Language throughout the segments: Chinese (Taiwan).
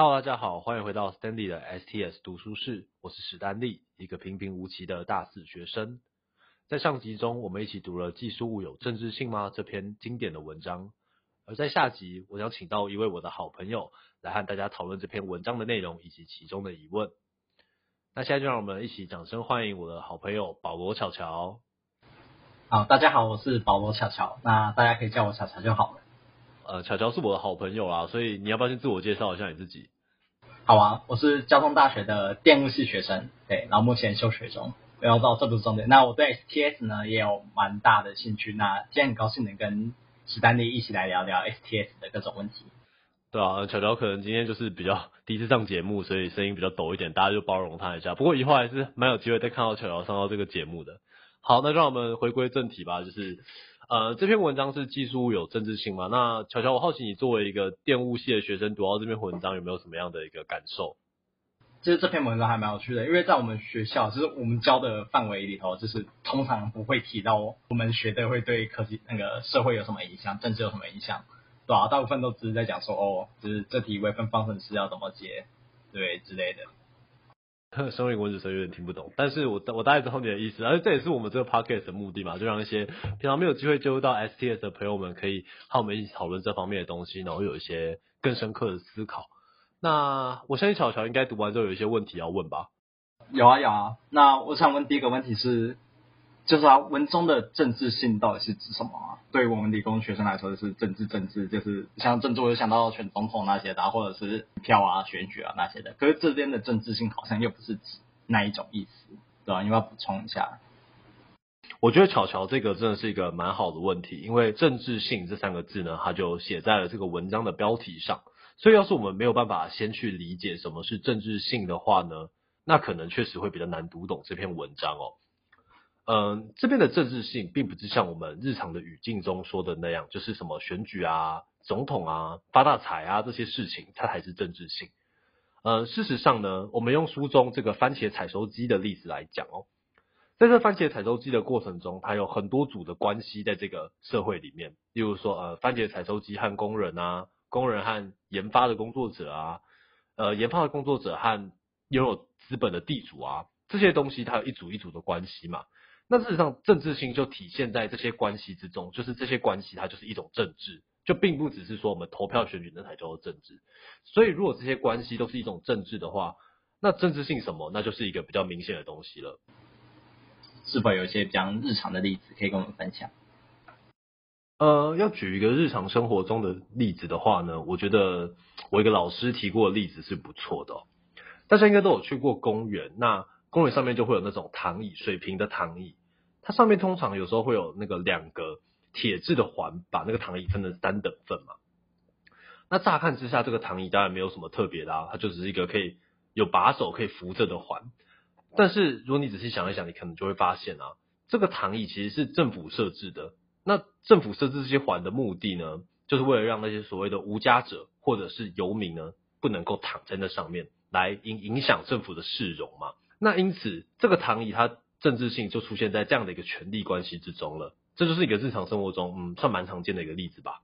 Hello，大家好，歡迎回到 Stanley 的 STS 讀書室，我是史丹利，一個平平無奇的大四學生。在上集中，我們一起讀了《技術物有政治性嗎》這篇經典的文章，而在下集，我想請到一位我的好朋友來和大家討論這篇文章的內容以及其中的疑問。那現在就讓我們一起掌聲歡迎我的好朋友保羅喬喬。好，大家好，我是保羅喬喬，那大家可以叫我喬喬就好了。呃，喬喬是我的好朋友啦，所以你要不要先自我介紹一下你自己？好啊，我是交通大學的電路系學生，對，然後目前休學中。不要到這不是重點，那我對 STS 呢，也有蠻大的興趣。那今天很高興能跟史丹利一起來聊聊 STS 的各種問題。對啊，喬喬可能今天就是比較第一次上節目，所以聲音比較抖一點，大家就包容他一下。不過以後還是蠻有機會再看到喬喬上到這個節目的。好，那讓我們回歸正題吧，就是。呃，這篇文章是技術有政治性嗎？那喬喬，我好奇你作為一個電物系的學生，讀到這篇文章有沒有什麼樣的一個感受？其實這篇文章還蠻有趣的，因為在我們學校，就是我們教的範圍裡頭，就是通常不會提到我們學的會對科技，那個社會有什麼影響，政治有什麼影響。對啊，大部分都只是在講說，哦，就是這題微分方程式要怎麼解，對之類的。生音，文字是有點聽不懂，但是我我大概知道你的意思，而且這也是我們這個 podcast 的目的嘛，就讓一些平常沒有機會接觸到 STS 的朋友們，可以和我們一起討論這方面的東西，然後有一些更深刻的思考。那我相信喬喬應該讀完之後有一些問題要問吧？有啊有啊。那我想問第一個問題是。就是啊，文中的政治性到底是指什麼、啊？對於我們理工學生來說就是政治政治，就是像政治我，就想到選總統那些，的、啊，或者是票啊、選舉啊，選舉啊那些的。可是這邊的政治性好像又不是指那一種意思，對吧、啊？因為要補充一下。我覺得喬喬這個真的是一個蠻好的問題，因為政治性這三個字呢，它就寫在了這個文章的標題上。所以要是我們沒有辦法先去理解什麼是政治性的話呢，那可能確實會比較難讀懂這篇文章哦。嗯，這邊的政治性並不是像我們日常的語境中說的那樣，就是什麼選舉啊、總統啊、發大財啊這些事情它才是政治性。呃、嗯，事實上呢，我們用書中這個番茄採收機的例子來講哦，在這番茄採收機的過程中，它有很多組的關係在這個社會裡面，例如說呃，番茄採收機和工人啊，工人和研發的工作者啊，呃，研發的工作者和擁有資本的地主啊，這些東西它有一組一組的關係嘛。那事實上，政治性就體現在這些關係之中，就是這些關係它就是一種政治，就並不只是說我們投票選舉那才叫做政治。所以，如果這些關係都是一種政治的話，那政治性什麼？那就是一個比較明顯的東西了。是否有一些比較日常的例子可以跟我們分享？呃，要舉一個日常生活中的例子的話呢，我覺得我一個老師提過的例子是不錯的哦。大家應該都有去過公園，那。公園上面就會有那種躺椅，水平的躺椅，它上面通常有時候會有那個兩個鐵質的環，把那個躺椅分成三等份嘛。那乍看之下，這個躺椅當然沒有什麼特別的啊，它就只是一個可以有把手可以扶着的環。但是如果你仔細想一想，你可能就會發現啊，這個躺椅其實是政府設置的。那政府設置這些環的目的呢，就是為了讓那些所謂的無家者或者是游民呢，不能夠躺在那上面來影影響政府的市容嘛。那因此，這個躺椅它政治性就出現在這樣的一個權力關係之中了。這就是一個日常生活中，嗯，算蠻常見的一個例子吧。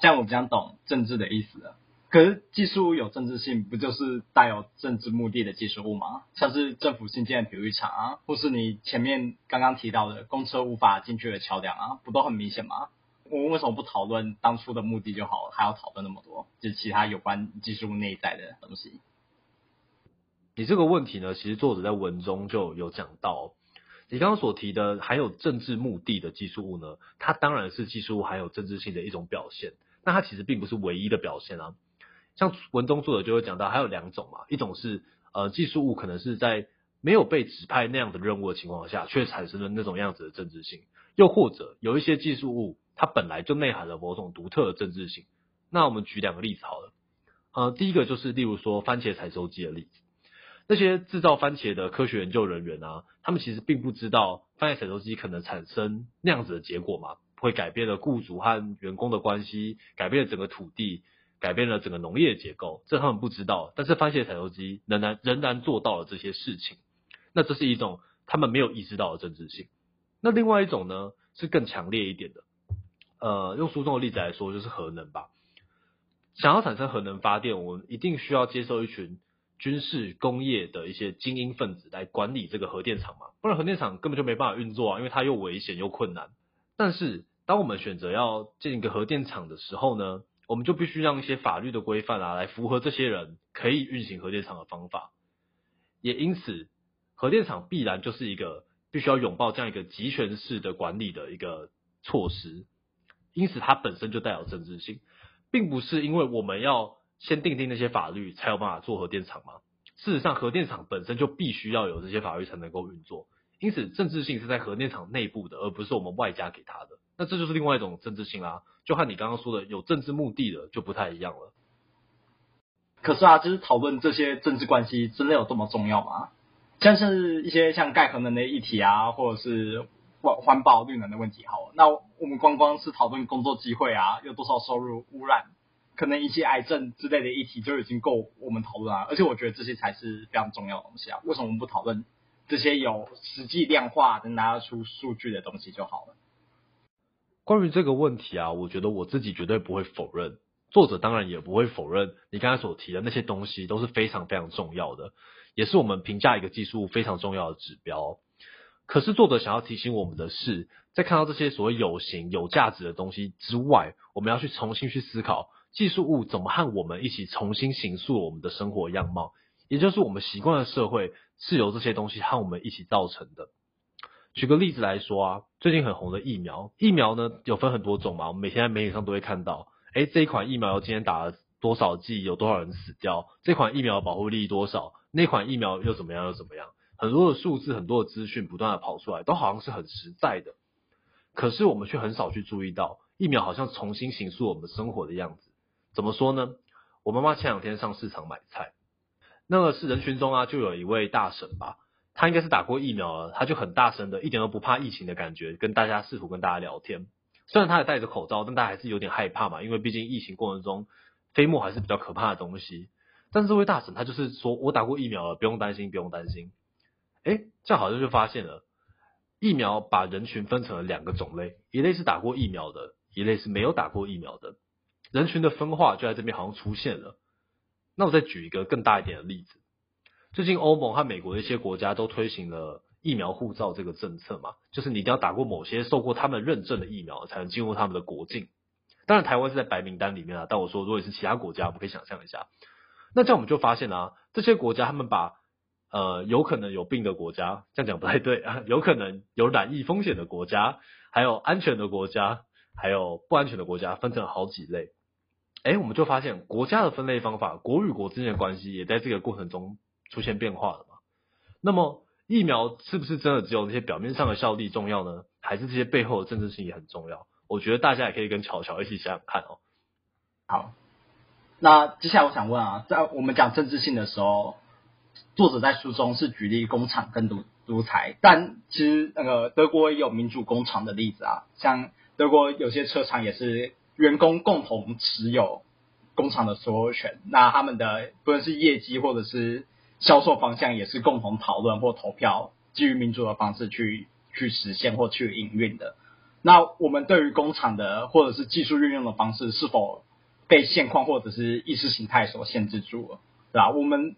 這樣我比較懂政治的意思了。可是技術有政治性，不就是帶有政治目的的技術物嗎？像是政府新建的體育場啊，或是你前面剛剛提到的公車無法進去的橋梁啊，不都很明顯嗎？我們為什麼不討論當初的目的就好，還要討論那麼多？就其他有關技術內在的東西。你這個問題呢，其實作者在文中就有講到，你剛剛所提的含有政治目的的技術物呢，它當然是技術物含有政治性的一種表現。那它其實並不是唯一的表現啊，像文中作者就會講到，還有兩種嘛，一種是呃技術物可能是在沒有被指派那樣的任務的情況下，卻產生了那種樣子的政治性，又或者有一些技術物它本來就內含了某種獨特的政治性。那我們舉兩個例子好了，呃，第一個就是例如說番茄採收機的例子。那些製造番茄的科學研究人員啊，他們其實並不知道番茄採收機可能產生那樣子的結果嘛，會改變了雇主和員工的關係，改變了整個土地，改變了整個農業的結構，這他們不知道。但是番茄採收機仍然仍然做到了這些事情，那這是一種他們沒有意識到的政治性。那另外一種呢，是更強烈一點的，呃，用書中的例子來說，就是核能吧。想要產生核能發電，我們一定需要接受一群。軍事工業的一些精英分子來管理這個核電廠嘛，不然核電廠根本就沒辦法運作啊，因為它又危險又困難。但是當我們選擇要建一個核電廠的時候呢，我們就必須讓一些法律的規範啊，來符合這些人可以運行核電廠的方法。也因此，核電廠必然就是一個必須要擁抱這樣一個集權式的管理的一個措施，因此它本身就帶有政治性，並不是因為我們要。先定定那些法律才有辦法做核電廠嗎？事實上，核電廠本身就必須要有這些法律才能夠運作，因此政治性是在核電廠內部的，而不是我們外加給它的。那這就是另外一種政治性啦，啊，就和你剛剛說的有政治目的的就不太一樣了。可是啊，就是討論這些政治關係真的有這麼重要嗎？像是一些像蓋核能的議題啊，或者是環環保綠能的問題，好，那我們光光是討論工作機會啊，有多少收入污染？可能一些癌症之類的議題就已經夠我們討論了，而且我覺得這些才是非常重要的東西啊！為什麼我們不討論這些有實際量化、能拿得出數據的東西就好了？關於這個問題啊，我覺得我自己絕對不會否認，作者當然也不會否認。你剛才所提的那些東西都是非常非常重要的，也是我們評價一個技術非常重要的指標。可是作者想要提醒我們的是，在看到這些所謂有形、有價值的東西之外，我們要去重新去思考。技術物怎麼和我們一起重新形塑我們的生活樣貌？也就是我們習慣的社會是由這些東西和我們一起造成的。舉個例子來說啊，最近很紅的疫苗，疫苗呢，有分很多種嘛，我們每天在媒體上都會看到，誒，這一款疫苗今天打了多少劑，有多少人死掉，這款疫苗的保護力多少，那款疫苗又怎麼樣又怎麼樣，很多的數字，很多的資訊不斷的跑出來，都好像是很實在的，可是我們卻很少去注意到，疫苗好像重新形塑我們生活的樣子。怎麼說呢？我媽媽前兩天上市場買菜，那個是人群中啊，就有一位大嬸吧，她應該是打過疫苗了，她就很大聲的，一點都不怕疫情的感覺，跟大家試圖跟大家聊天。雖然她也戴着口罩，但大家還是有點害怕嘛，因為畢竟疫情過程中飛沫還是比較可怕的東西。但是這位大嬸她就是說：“我打過疫苗了，不用擔心，不用擔心。”哎，這樣好像就發現了，疫苗把人群分成了兩個種類，一類是打過疫苗的，一類是沒有打過疫苗的。人群的分化就在這邊好像出現了。那我再舉一個更大一點的例子，最近歐盟和美國的一些國家都推行了疫苗護照這個政策嘛，就是你一定要打過某些受過他們認證的疫苗才能進入他們的國境。當然台灣是在白名單裡面啊，但我說如果你是其他國家，我們可以想象一下，那這樣我們就發現啊，這些國家他們把呃有可能有病的國家，這樣講不太對啊，有可能有染疫風險的國家，還有安全的國家，還有不安全的國家，分成好幾類。哎，我們就發現國家的分類方法，國與國之間的關係也在這個過程中出現變化了嘛。那麼疫苗是不是真的只有那些表面上的效力重要呢？還是這些背後的政治性也很重要？我覺得大家也可以跟喬喬一起想想看哦。好，那接下來我想問啊，在我們講政治性的時候，作者在書中是舉例工廠跟獨獨裁，但其實那個德國也有民主工廠的例子啊，像德國有些車廠也是。員工共同持有工廠的所有權，那他們的不論是業績或者是銷售方向，也是共同討論或投票，基於民主的方式去去實現或去營運的。那我們對於工廠的或者是技術運用的方式，是否被現況或者是意識形態所限制住了？對吧？我們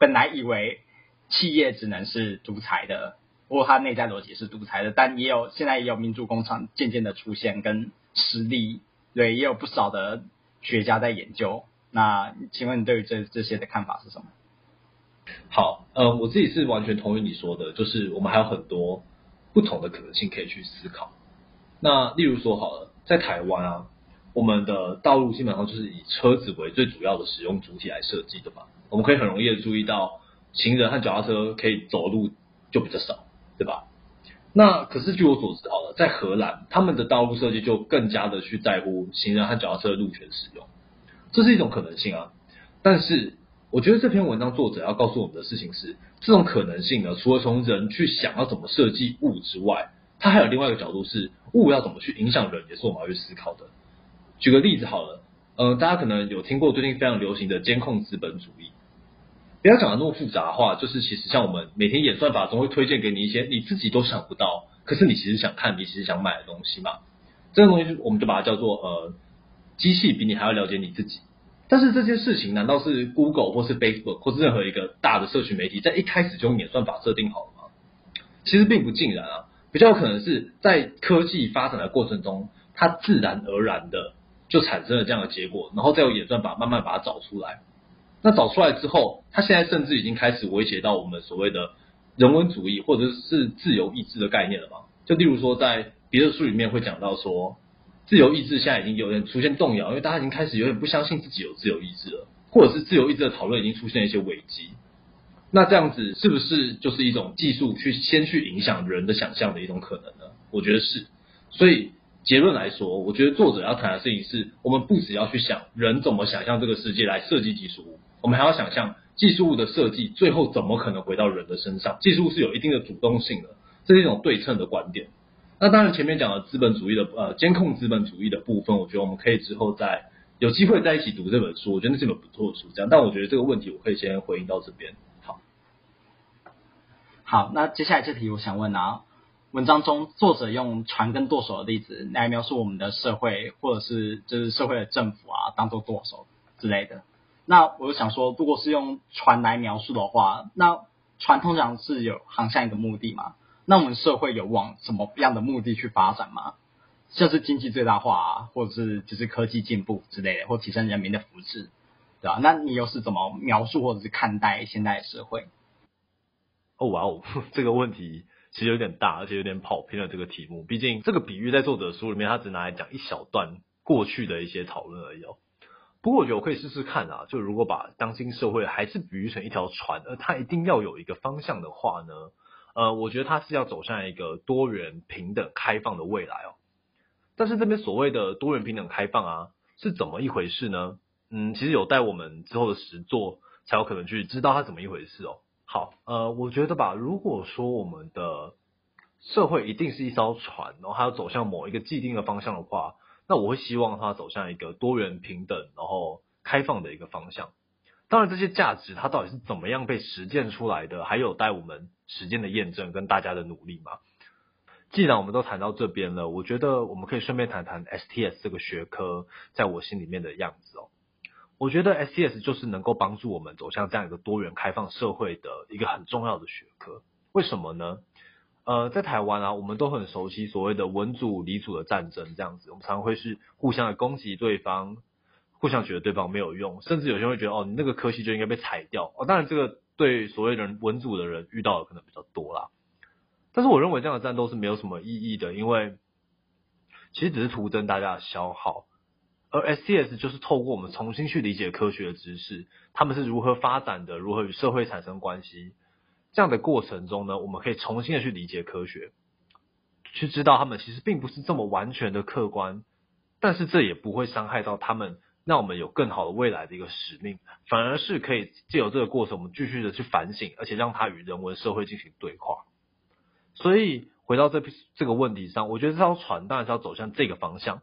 本來以為企業只能是獨裁的，或它內在邏輯是獨裁的，但也有現在也有民主工廠漸漸的出現，跟實力。對，也有不少的學家在研究。那請問你對於這這些的看法是什麼？好，呃，我自己是完全同意你說的，就是我們還有很多不同的可能性可以去思考。那例如說，好了，在台灣啊，我們的道路基本上就是以車子為最主要的使用主體來設計的嘛。我們可以很容易的注意到，行人和腳踏車可以走的路就比較少，對吧？那可是據我所知，好了，在荷蘭，他們的道路設計就更加的去在乎行人和腳踏車的路權使用，這是一種可能性啊。但是我覺得這篇文章作者要告訴我們的事情是，這種可能性呢，除了從人去想要怎麼設計物之外，它還有另外一個角度是物要怎麼去影響人，也是我們要去思考的。舉個例子好了，嗯、呃，大家可能有聽過最近非常流行的監控資本主義。不要講的那麼複雜的話，就是其實像我們每天演算法總會推薦給你一些你自己都想不到，可是你其實想看，你其實想買的東西嘛。這個東西我們就把它叫做呃，機器比你還要了解你自己。但是這件事情難道是 Google 或是 Facebook 或是任何一個大的社群媒體在一開始就用演算法設定好了嗎？其實並不盡然啊，比較有可能是在科技發展的過程中，它自然而然的就產生了這樣的結果，然後再用演算法慢慢把它找出來。那找出來之後，他現在甚至已經開始威脅到我們所謂的人文主義或者是自由意志的概念了嘛？就例如說，在別的書裡面會講到說，自由意志現在已經有點出現動搖，因為大家已經開始有點不相信自己有自由意志了，或者是自由意志的討論已經出現一些危機。那這樣子是不是就是一種技術去先去影響人的想象的一種可能呢？我覺得是。所以結論來說，我覺得作者要談的事情是我們不只要去想人怎麼想象這個世界來設計技術物我們還要想象技術物的設計，最後怎麼可能回到人的身上？技術是有一定的主動性的，這是一種對稱的觀點。那當然，前面講了資本主義的呃監控資本主義的部分，我覺得我們可以之後再有機會在一起讀這本書，我覺得是本不錯的書。這樣，但我覺得這個問題我可以先回應到這邊。好，好，那接下來這題我想問啊，文章中作者用船跟舵手的例子來描述我們的社會，或者是就是社會的政府啊，當做舵手之類的。那我就想說，如果是用船來描述的話，那船通常是有航向一個目的嘛？那我們社會有往什麼樣的目的去發展嘛？像是經濟最大化，啊，或者是就是科技進步之類的，或提升人民的福祉，對吧、啊？那你又是怎麼描述或者是看待現代的社會？哦，哇哦，這個問題其實有點大，而且有點跑偏了這個題目。畢竟這個比喻在作者書裡面，他只拿來講一小段過去的一些討論而已哦。不過我覺得我可以試試看啊，就如果把當今社會還是比喻成一條船，而它一定要有一個方向的話呢，呃，我覺得它是要走向一個多元、平等、開放的未來哦。但是這邊所謂的多元、平等、開放啊，是怎麼一回事呢？嗯，其實有待我們之後的實作才有可能去知道它怎麼一回事哦。好，呃，我覺得吧，如果說我們的社會一定是一艘船，然後它要走向某一個既定的方向的話。那我會希望它走向一個多元平等，然後開放的一個方向。當然，這些價值它到底是怎麼樣被實踐出來的，還有待我們實踐的驗證跟大家的努力嘛。既然我們都談到這邊了，我覺得我們可以順便談談 STS 這個學科在我心裡面的樣子哦。我覺得 STS 就是能夠幫助我們走向這樣一個多元開放社會的一個很重要的學科。為什麼呢？呃，在台灣啊，我們都很熟悉所謂的文組、理組的戰爭這樣子，我們常常會是互相的攻擊對方，互相覺得對方沒有用，甚至有些人會覺得哦，你那個科系就應該被裁掉哦。當然，這個對所謂的人文組的人遇到的可能比較多啦。但是，我認為這樣的戰鬥是沒有什麼意義的，因為其實只是徒增大家的消耗。而 STS 就是透過我們重新去理解科學的知識，他們是如何發展的，如何與社會產生關係。這樣的過程中呢，我們可以重新的去理解科學，去知道他們其實並不是這麼完全的客觀，但是這也不會傷害到他們。讓我們有更好的未來的一個使命，反而是可以借由這個過程，我們繼續的去反省，而且讓它與人文社會進行對話。所以回到這這個問題上，我覺得這艘船當然是要走向這個方向。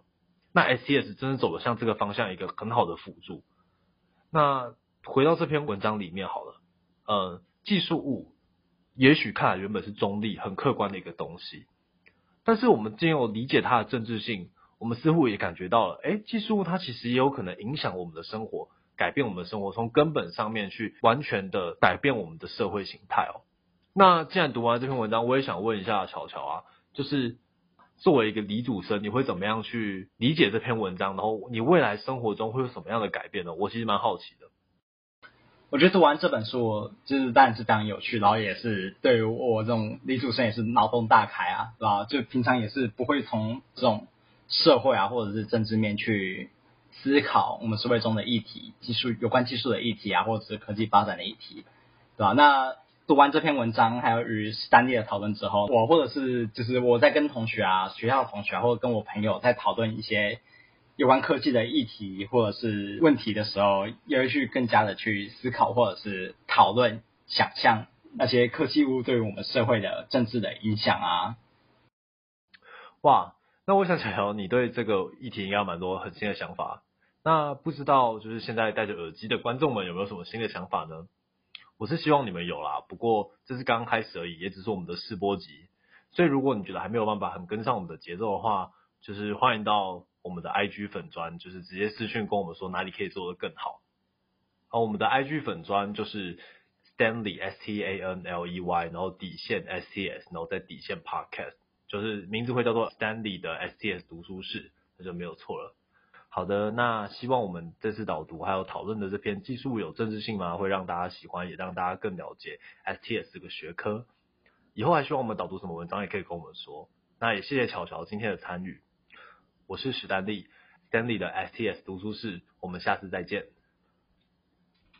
那 STS 真的走得向這個方向一個很好的輔助。那回到這篇文章裡面好了，呃，技術物。也許看來原本是中立、很客觀的一個東西，但是我們經由理解它的政治性，我們似乎也感覺到了，哎，技術它其實也有可能影響我們的生活，改變我們的生活，從根本上面去完全的改變我們的社會形態哦。那既然讀完這篇文章，我也想問一下喬喬啊，就是作為一個理組生，你會怎麼樣去理解這篇文章？然後你未來生活中會有什麼樣的改變呢？我其實蠻好奇的。我覺得讀完這本書，就是當然是非常有趣，然後也是對於我這種理工生也是腦洞大開啊，對吧？就平常也是不會從這種社會啊，或者是政治面去思考我們社會中的議題、技術、有關技術的議題啊，或者是科技發展的議題，對吧？那讀完這篇文章還有與 Stanley 的討論之後，我或者是就是我在跟同學啊、學校的同學啊、或者跟我朋友在討論一些。有關科技的議題或者是問題的時候，也會去更加的去思考或者是討論、想象那些科技物對於我們社會的政治的影響啊。哇，那我想小喬，你對這個議題應該有蠻多很新的想法。那不知道就是現在戴着耳機的觀眾們有沒有什麼新的想法呢？我是希望你們有啦，不過這是剛剛開始而已，也只是我們的試播集。所以如果你覺得還沒有辦法很跟上我們的節奏的話，就是歡迎到。我們的 IG 粉專就是直接私訊跟我們說哪裡可以做得更好，好。好，我們的 IG 粉專就是 Stanley S T A N L E Y，然後底線 S T S，然後再底線 Podcast，就是名字會叫做 Stanley 的 S T S 讀書室，那就沒有錯了。好的，那希望我們這次導讀還有討論的這篇技術有政治性嗎？會讓大家喜歡，也讓大家更了解 S T S 這個學科。以後還希望我們導讀什麼文章也可以跟我們說。那也謝謝喬喬今天的參與。我是史丹利，史丹利的 STS 讀書室，我們下次再見。